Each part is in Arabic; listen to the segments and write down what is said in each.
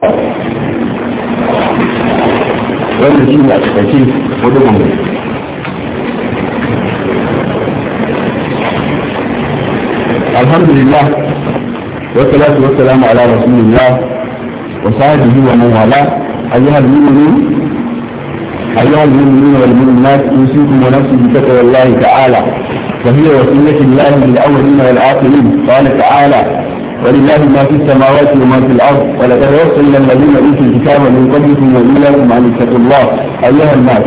wannan shi ne a cikakke wadda والصلاة والسلام على رسول الله وصحبه ومن والاه أيها المؤمنون أيها المؤمنون والمؤمنات أوصيكم ونفسي بتقوى الله تعالى فهي وصية الله للأولين والآخرين قال تعالى ولله ما في السماوات وما في الأرض ولقد أرسلنا الذين أوتوا الكتاب من قبلكم وإياكم أن اتقوا الله أيها الناس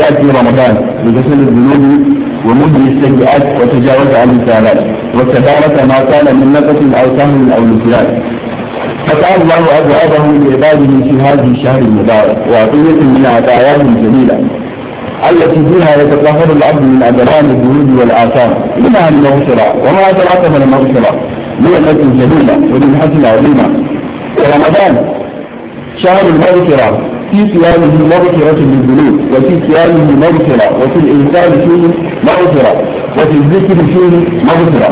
يأتي رمضان لجسد الذنوب ومدن السيئات وتجاوز عن السالات وتبارك ما كان من نفس أو سهم أو نكران فتعالى الله أبوابه لعباده في هذه الشهر المبارك وعطية من عطاياه الجميلة التي فيها يتطهر العبد من عدلان الذنوب والآثام لما أنه شرع وما أدراك من المغفرة نعمة جميلة ونعمة عظيمة رمضان شهر المغفرة في صيامه مغفرة للذنوب وفي صيامه مغفرة وفي الإنسان فيه مغفرة وفي الذكر فيه مغفرة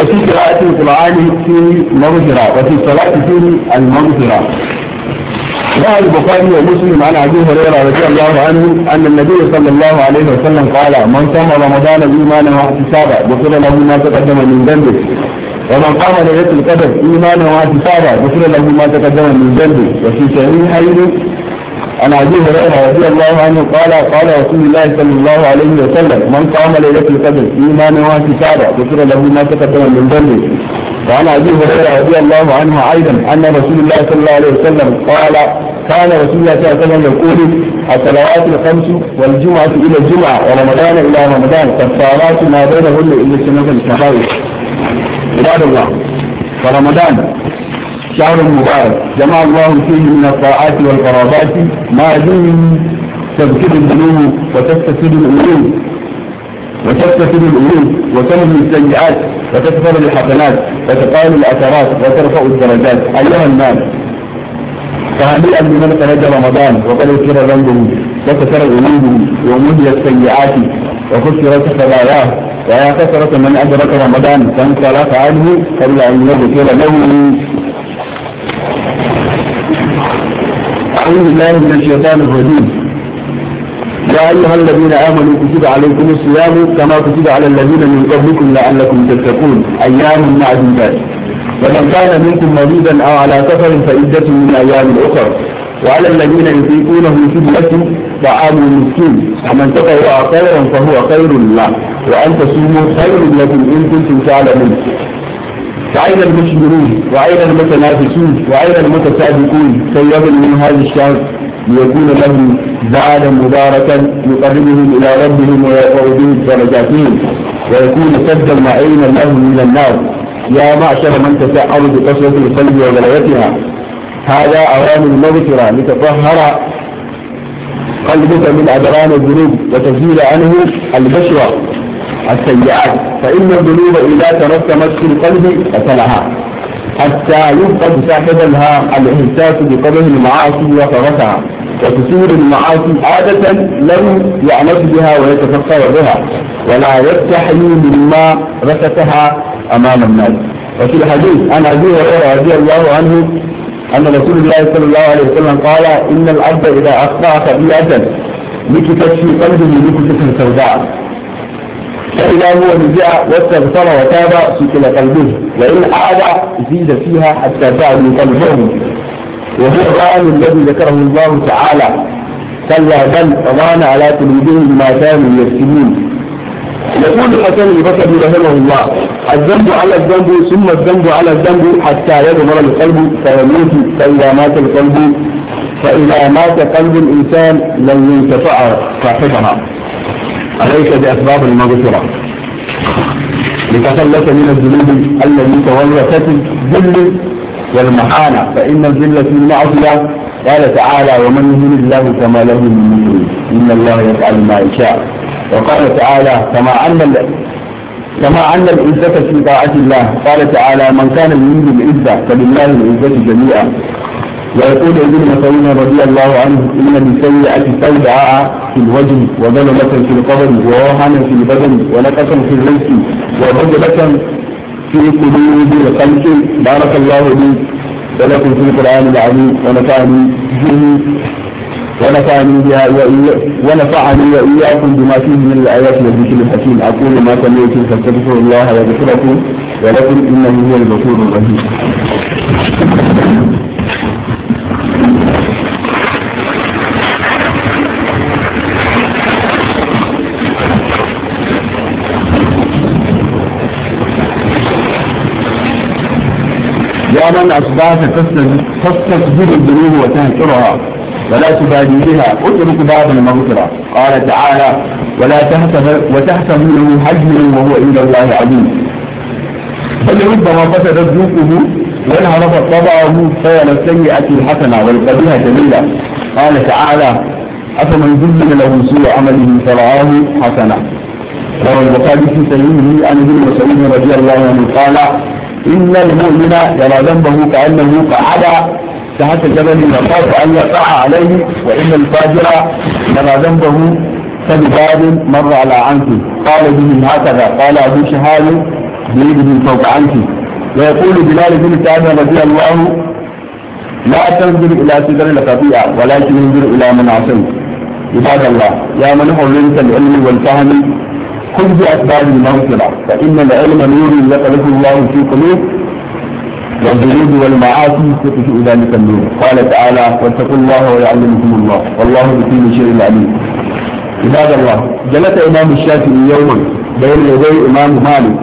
وفي قراءة القرآن فيه مغفرة وفي الصلاة فيه المغفرة رواه البخاري ومسلم عن ابي هريره رضي الله عنه ان النبي صلى الله عليه وسلم قال من صام رمضان ايمانا واحتسابا غفر له ما تقدم من ذنبه ومن قام ليله القدر ايمانا واحتسابا غفر له ما تقدم من ذنبه وفي صحيحين عن ابي هريره رضي الله عنه قال قال رسول الله صلى الله عليه وسلم من قام ليله القدر ايمانا واحتسابا غفر له ما تقدم من ذنبه وعن أبي هريرة رضي الله عنه أيضا أن رسول الله صلى الله عليه وسلم قال كان رسول الله صلى الله عليه وسلم يقول الصلوات الخمس والجمعة إلى الجمعة ورمضان إلى رمضان كفارات ما بينهن إلا سنة الكفائر عباد الله ورمضان شهر مبارك جمع الله فيه من الطاعات والقرابات ما دون تذكير الذنوب وتستفيد الأمور وتكتسب الأمور وتنهي السيئات وتكثر الحسنات وتقال الأثرات وترفع الدرجات أيها الناس فهنيئا لمن خرج رمضان وقد اغفر ذنبه وكثر ذنوبه ومهلت السيئات وكسرت خباياه ويا كثرة من أدرك رمضان فانصرف عنه قبل أن يغفر له أعوذ بالله من الشيطان الرجيم يا أيها الذين آمنوا كتب عليكم الصيام كما كتب على الذين من قبلكم لعلكم تتقون أيام معدودات فمن كان منكم مريضا أو على سفر فعدة من أيام أخر وعلى الذين يطيقونه فدية طعام مسكين ومن تطوع خيرا فهو خير له وأن تصوموا خير لكم إن كنتم تعلمون وأين المشبرون وأين المتنافسون وأين المتسابقون سيغل من هذا الشهر ليكون لهم بعدا مباركا يقربهم إلى ربهم ويرفع به درجاتهم ويكون سدا وعينا لهم من النار يا معشر من تسعر بقسوة القلب وغلايتها هذا أوان المغفرة لتطهر قلبك من أدران الذنوب وتزيل عنه البشرة السيئات فإن الذنوب إذا ترسمت في القلب قتلها حتى يفقد صاحبها الإحساس بقدر المعاصي وفرسها وكثير المعاصي عادة لم يعمد بها ويتفكر بها ولا يستحي مما ركتها أمام الناس وفي الحديث عن أبي هريرة رضي الله عنه أن رسول الله صلى الله عليه وسلم قال إن العبد إذا أخطأ خطيئة لكتت في قلبه لكتة سوداء فإذا هو رجع واستغفر وتاب سكن قلبه وإن عاد زيد فيها حتى تعد قلبه وهو الرأي الذي ذكره الله تعالى كلا بل ران على قلوبهم ما كانوا يكسبون يقول الحسن البصري رحمه الله الذنب على الذنب ثم الذنب على الذنب حتى يدمر القلب فيموت فإذا مات القلب فإذا مات قلب الإنسان لن ينتفع صاحبها عليك بأسباب المغفرة لتخلص من الذنوب الذي تورثت ذل والمحانة فإن الذلة في المعصية قال تعالى ومن يهن الله فما له من مكرم إن الله يفعل ما يشاء وقال تعالى كما أن كما أن العزة في طاعة الله قال تعالى من كان يريد العزة فلله العزة جميعا ويقول ابن مسعود رضي الله عنه ان للسيئه استودع في الوجه وظلمه في القبر ووهنا في البدن ونقصا في الريس وغضبة في قلوب وخلق بارك الله لي ولكم في القرآن العظيم ونفعني به ونفعني بها ونفعني وإياكم بما فيه من الآيات والذكر الحكيم أقول ما سمعتم فاستغفروا الله يغفركم ولكم إنه هو الغفور الرحيم يا من أصبحت تستكبر الذنوب وتنكرها ولا تبالي بها اترك بعض المغفرة قال تعالى ولا تحسب له حجما وهو عند الله عظيم بل ربما فسد ذوقه وانحرف طبعه فعل السيئة الحسنة والقبيحة جميلة قال تعالى أفمن ذنب له سوء عمله فرآه حسنة وروى البخاري في سيده عن ابن مسعود رضي الله عنه قال إن المؤمن يرى ذنبه كأنه قعد تحت جبل يخاف أن يقع عليه وإن الفاجر يرى ذنبه كباب مر على عنك قال به هكذا قال أبو شهاب بيده بن فوق عنك ويقول بلال بن سعد رضي الله لا تنظر إلى سدر لقطيع ولكن انظر إلى من عصيت عباد الله يا من حرمت العلم والفهم خذ بأسباب المغفرة فإن العلم نور يقذف الله في قلوب والذنوب والمعاصي تطفئ ذلك النور قال تعالى واتقوا الله ويعلمكم الله والله بكل شيء عليم عباد الله جلس إمام الشافعي يوما بين يدي إمام مالك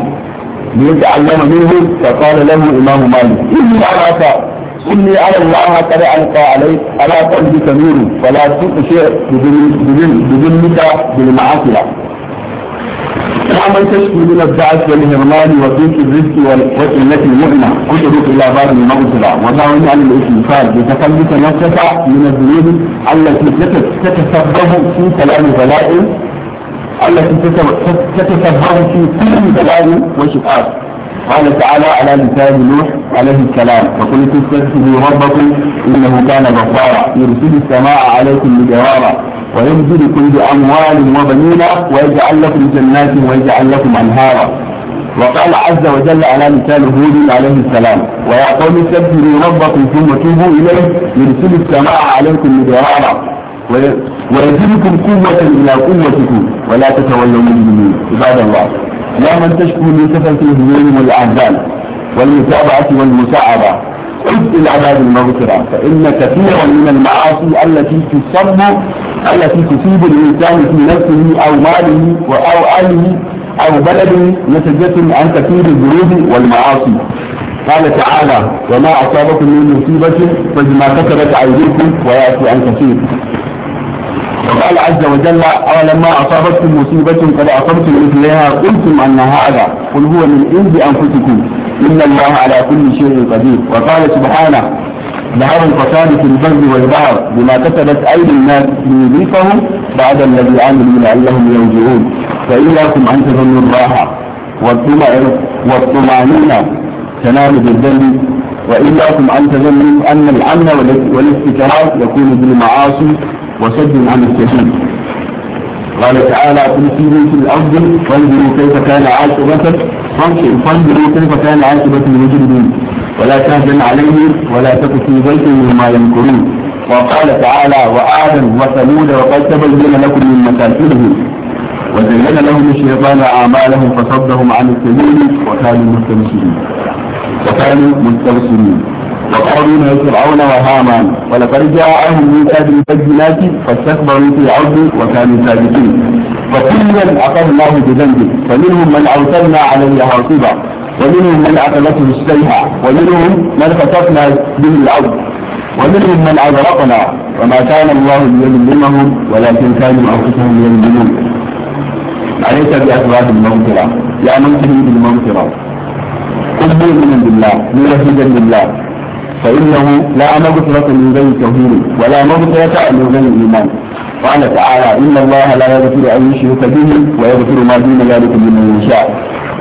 ليتعلم منه فقال له إمام مالك إني أراك إني على الله قد ألقى عليك على قلبك نور فلا شيء بذنبك بالمعاصي فمن تشكو من الدعس والهرمان وضيق الرزق والقلة المؤنة نُعِمَ اترك إلى باب المغفرة ودعوني عن الاستغفار لتخلص تسع من الذنوب التي تتسبب في كلام بلاء التي تتسبب في كل بلاء وشقاق قال تعالى على لسان نوح عليه السلام وقلت استغفروا ربكم انه كان غفارا يرسل السماء عليكم بجوارا ويمددكم بأموال وبنين ويجعل لكم جنات ويجعل لكم أنهارا وقال عز وجل على لسان هود عليه السلام ويا قوم استبشروا ربكم ثم توبوا إليه يرسل السماء عليكم مدرارا ويزيدكم قوة إلى قوتكم ولا تتولوا مجرمين عباد الله لا من تشكو من في الهموم والأعزال والمتابعة والمساعدة عد العباد المغفرة فإن كثيرا من المعاصي التي تصب التي تفيد الإنسان في نفسه أو ماله أو أهله أو بلده نتيجة عن كثير الذنوب والمعاصي قال تعالى وما أصابكم من مصيبة فبما كسبت أيديكم ويأتي عن كثير وقال عز وجل أولما أصابتكم مصيبة قد أصبتم مثلها قلتم أن هذا قل هو من عند أنفسكم إن الله على كل شيء قدير وقال سبحانه ظهر القتال في البر والبحر بما كتبت أيدي الناس ليذيقهم بعد الذي عملوا لعلهم يرجعون فإياكم أن تظنوا الراحة والطمأنينة تنال بالذنب وإياكم أن تظنوا أن الأمن والاستكراه يكون بالمعاصي وسد عن السبيل قال تعالى قل سيروا في الأرض فانظروا كيف كان عاقبة فانظروا كيف كان عاقبة المجرمين ولا تهزم عليهم ولا تك في بيت مما يمكرون وقال تعالى وآدم وثمود وقد تبين لكم من مكاسبهم وزين لهم الشيطان أعمالهم فصدهم عن السبيل وكانوا مستبشرين وكانوا مستبشرين وقارون وفرعون وهامان ولقد جاءهم من هذه البينات فاستكبروا في الارض وكانوا سابقين وكلا الله بذنبه فمنهم من ارسلنا عليه حاصبا ومنهم من أكلته السيحة ومنهم من خسفنا به الأرض ومنهم من أغرقنا وما كان الله ليظلمهم ولكن كانوا أنفسهم يظلمون أليس بأسباب المغفرة يا من تريد المغفرة قل مؤمنا بالله مرشدا لله فإنه لا مغفرة من غير التوحيد ولا مغفرة من غير الإيمان قال تعالى إن الله لا يغفر أن يشرك به ويغفر ما دون ذلك لمن يشاء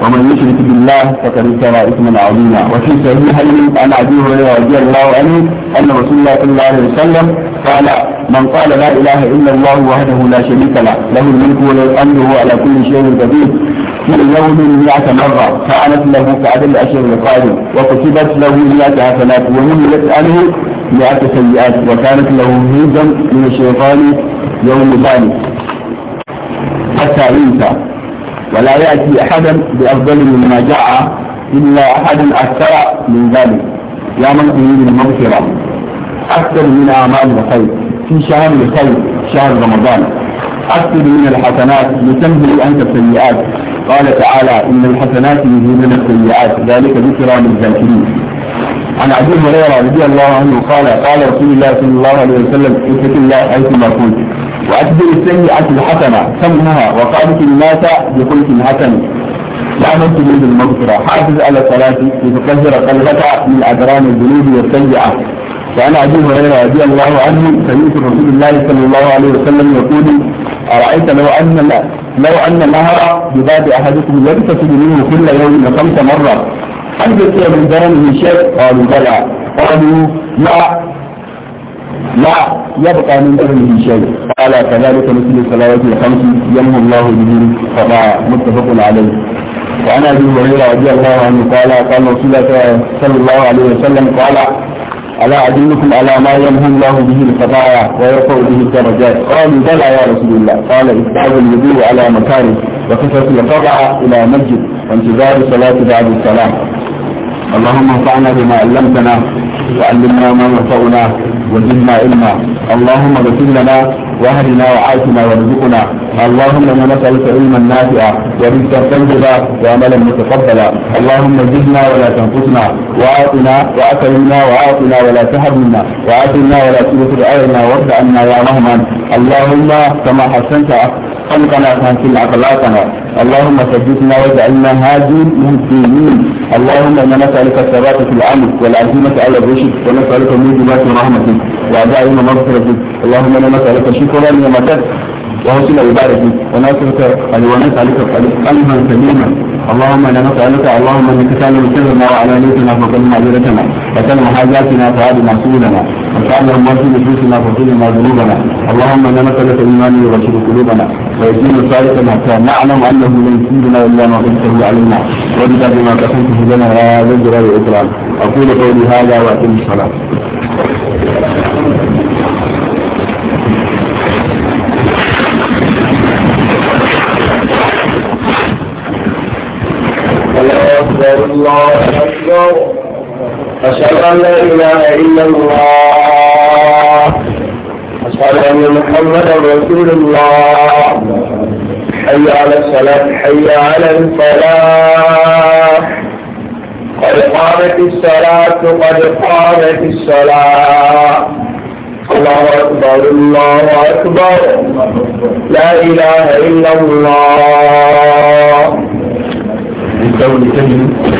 ومن يشرك بالله فقد ابتلى اثما عظيما وفي صحيحين عن ابي هريره رضي الله عنه ان رسول الله صلى الله عليه وسلم قال من قال لا اله الا الله وحده لا شريك له له الملك وله الامر وهو على كل شيء قدير في يوم 100 مرة فعلت له كعدد الأشهر القادم وكتبت له 100 حسنات وملت عنه 100 سيئات وكانت له هيدا من الشيطان يوم ذلك حتى ينسى ولا يأتي أحدا بأفضل مما جاء إلا أحد أكثر من ذلك يا من أريد المغفرة أكثر من أعمال الخير في شهر الخير شهر رمضان أكثر من الحسنات لتنزل أنت السيئات قال تعالى إن الحسنات يذهبن السيئات ذلك ذكرى للذاكرين عن أبي هريرة رضي الله عنه قال قال رسول الله صلى الله عليه وسلم اتق الله حيثما كنت وأتبر السيئة الحسنة سمها وقالت الناس بخلق حسن لا من المغفرة حافظ على الصلاة لتطهر قلبك من أدران الذنوب والسيئة وعن أبي هريرة رضي الله عنه سيئة رسول الله صلى الله عليه وسلم يقول أرأيت لو أن لو أن نهر بباب أحدكم يغتسل منه كل يوم خمس مرات هل يصير من درن شيء؟ قالوا بلى قالوا لا لا يبقى من دونه شيء قال كذلك مثل الصلوات الخمس يمحو الله به فما متفق عليه وعن ابي هريره رضي الله عنه قال قال رسول الله صلى الله عليه وسلم قال الا ادلكم على ما يمحو الله به الخطايا ويرفع به الدرجات قالوا بلى يا رسول الله قال اتباع الوضوء على مكانه وكثره القطع الى مسجد وانتظار الصلاه بعد السلام اللهم انفعنا بما علمتنا وعلمنا ما ينفعنا وزدنا علما اللهم اغفر لنا واهلنا وعافنا وارزقنا اللهم انا نسالك علما نافعا ورزقا طيبا وعملا متقبلا اللهم زدنا ولا تنقصنا واعطنا واكرمنا واعطنا ولا تهمنا واعطنا ولا تنفر علينا وارض عنا يا رحمن اللهم كما حسنت قلبنا في العقلاتنا اللهم ثبتنا واجعلنا هادين مهتمين اللهم انا نسالك الثبات في الامر والعزيمه على الرشد ونسالك موجبات رحمتك وعزائم مغفرتك اللهم انا نسالك شكرا نعمتك ووصل عبادتي ونسألك ونسألك قلبا سليما اللهم انا نسألك اللهم انك تعلم وعلى نيتنا فقل معذرتنا وتعلم حاجاتنا فعاد معصولنا وتعلم ما في نفوسنا فقل ما ذنوبنا اللهم انا نسألك الايمان يغسل قلوبنا ويكون صالحا حتى نعلم انه لن يفيدنا الا ما قلته علينا وبذلك ما قسمته لنا يا ذا الجلال والاكرام اقول قولي هذا واتم الصلاه الله أشهد أن لا إله إلا الله أشهد أن محمدا رسول الله حي على الصلاة حي على الفلاح قد قامت الصلاة قد قامت الصلاة الله أكبر الله أكبر لا إله إلا الله بالقول تجد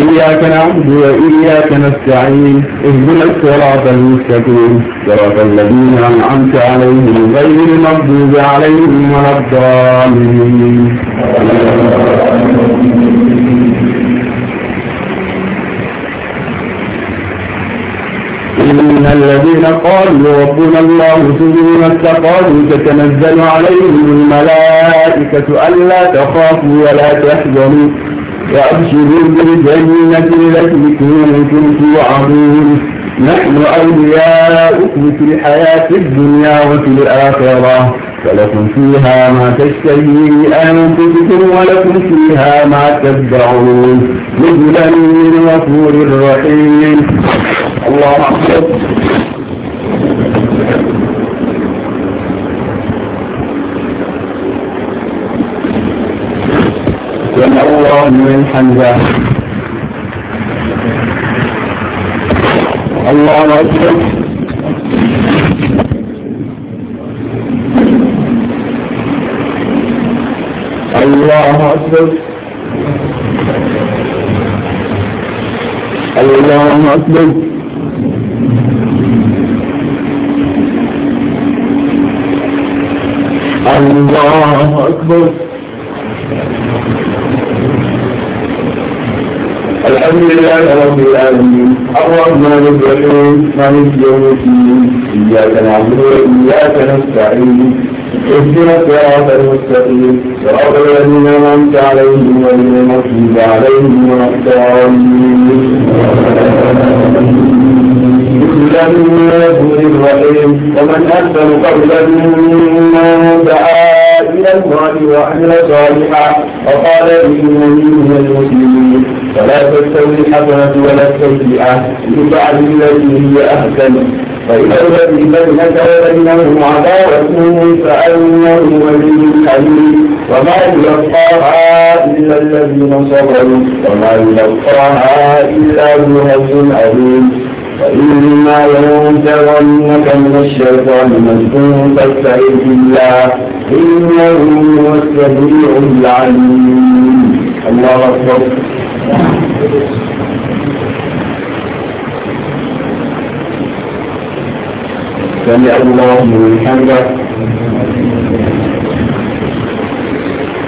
إياك نعبد وإياك نستعين اهدنا الصراط المستقيم صراط الذين أنعمت عليهم غير المغضوب عليهم ولا الضالين إن الذين قالوا ربنا الله ثم استقاموا تتنزل عليهم الملائكة ألا تخافوا ولا تحزنوا وأبشروا بالجنة التي كنتم توعدون نحن أولياؤكم في الحياة الدنيا وفي الآخرة فلكم فيها ما تشتهي أنفسكم ولكم فيها ما تدعون نزلا من غفور رحيم الله أكبر حمدا الله أكبر الله أكبر الله أكبر الله لله رب العالمين الرحمن الرحيم مالك يوم الدين إياك نعبد وإياك نستعين اهدنا الصراط المستقيم صراط الذين أنعمت عليهم غير المغضوب عليهم ولا الضالين بسم الله الرحمن الرحيم ومن أحسن قولا ممن دعا إلى الله وعمل صالحا وقال إنني من المسلمين فلا تستوي الحسنة ولا السيئة ادفع التي هي أحسن فإذا الذي بينك وبينه عداوة فأنه ولي حميد وما يلقاها إلا الذين صبروا وما يلقاها إلا ذو هزم أليم فإما ينزغنك من الشيطان مسجون فاستعذ بالله إنه هو السميع العليم الله أكبر سمع الله من حمده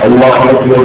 الله أكبر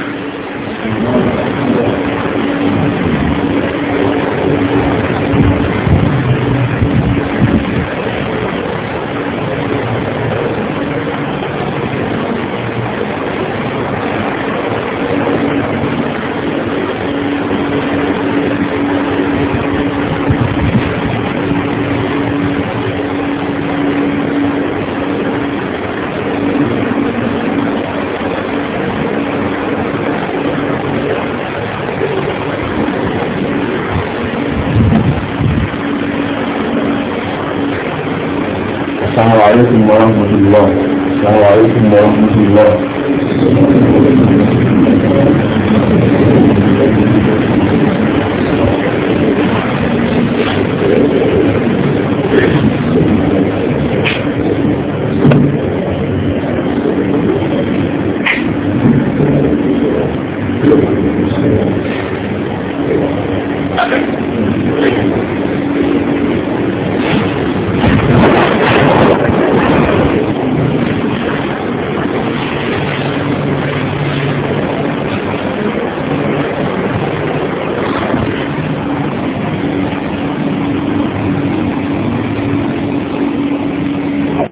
Lord.